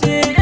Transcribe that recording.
ce